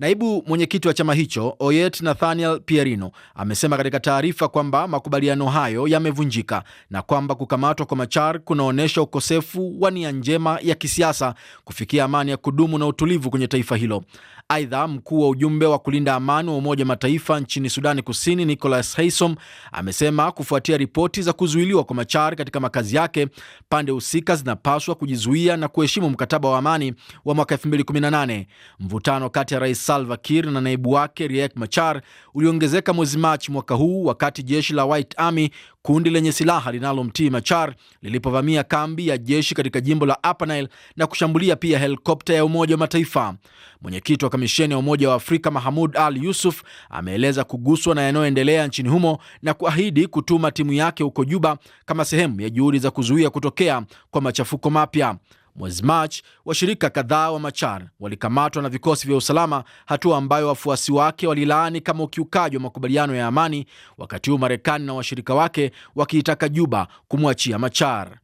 Naibu mwenyekiti wa chama hicho Oyet Nathaniel Pierino amesema katika taarifa kwamba makubaliano hayo yamevunjika na kwamba kukamatwa kwa Machar kunaonyesha ukosefu wa nia njema ya kisiasa kufikia amani ya kudumu na utulivu kwenye taifa hilo. Aidha, mkuu wa ujumbe wa kulinda amani wa Umoja Mataifa nchini Sudani Kusini Nicolas Haysom amesema kufuatia ripoti za kuzuiliwa kwa Machar katika makazi yake, pande husika zinapaswa kujizuia na kuheshimu mkataba wa amani wa mwaka 2018. Mvutano kati ya rais Salva Kiir na naibu wake Riek Machar uliongezeka mwezi Machi mwaka huu wakati jeshi la White Army, kundi lenye silaha linalomtii Machar, lilipovamia kambi ya jeshi katika jimbo la Upper Nile na kushambulia pia helikopta ya Umoja wa Mataifa. Mwenyekiti wa kamisheni ya Umoja wa Afrika Mahamud Al Yusuf ameeleza kuguswa na yanayoendelea nchini humo na kuahidi kutuma timu yake huko Juba kama sehemu ya juhudi za kuzuia kutokea kwa machafuko mapya. Mwezi Machi, washirika kadhaa wa Machar walikamatwa na vikosi vya usalama, hatua ambayo wafuasi wake walilaani kama ukiukaji wa makubaliano ya amani, wakati huu Marekani na washirika wake wakiitaka Juba kumwachia Machar.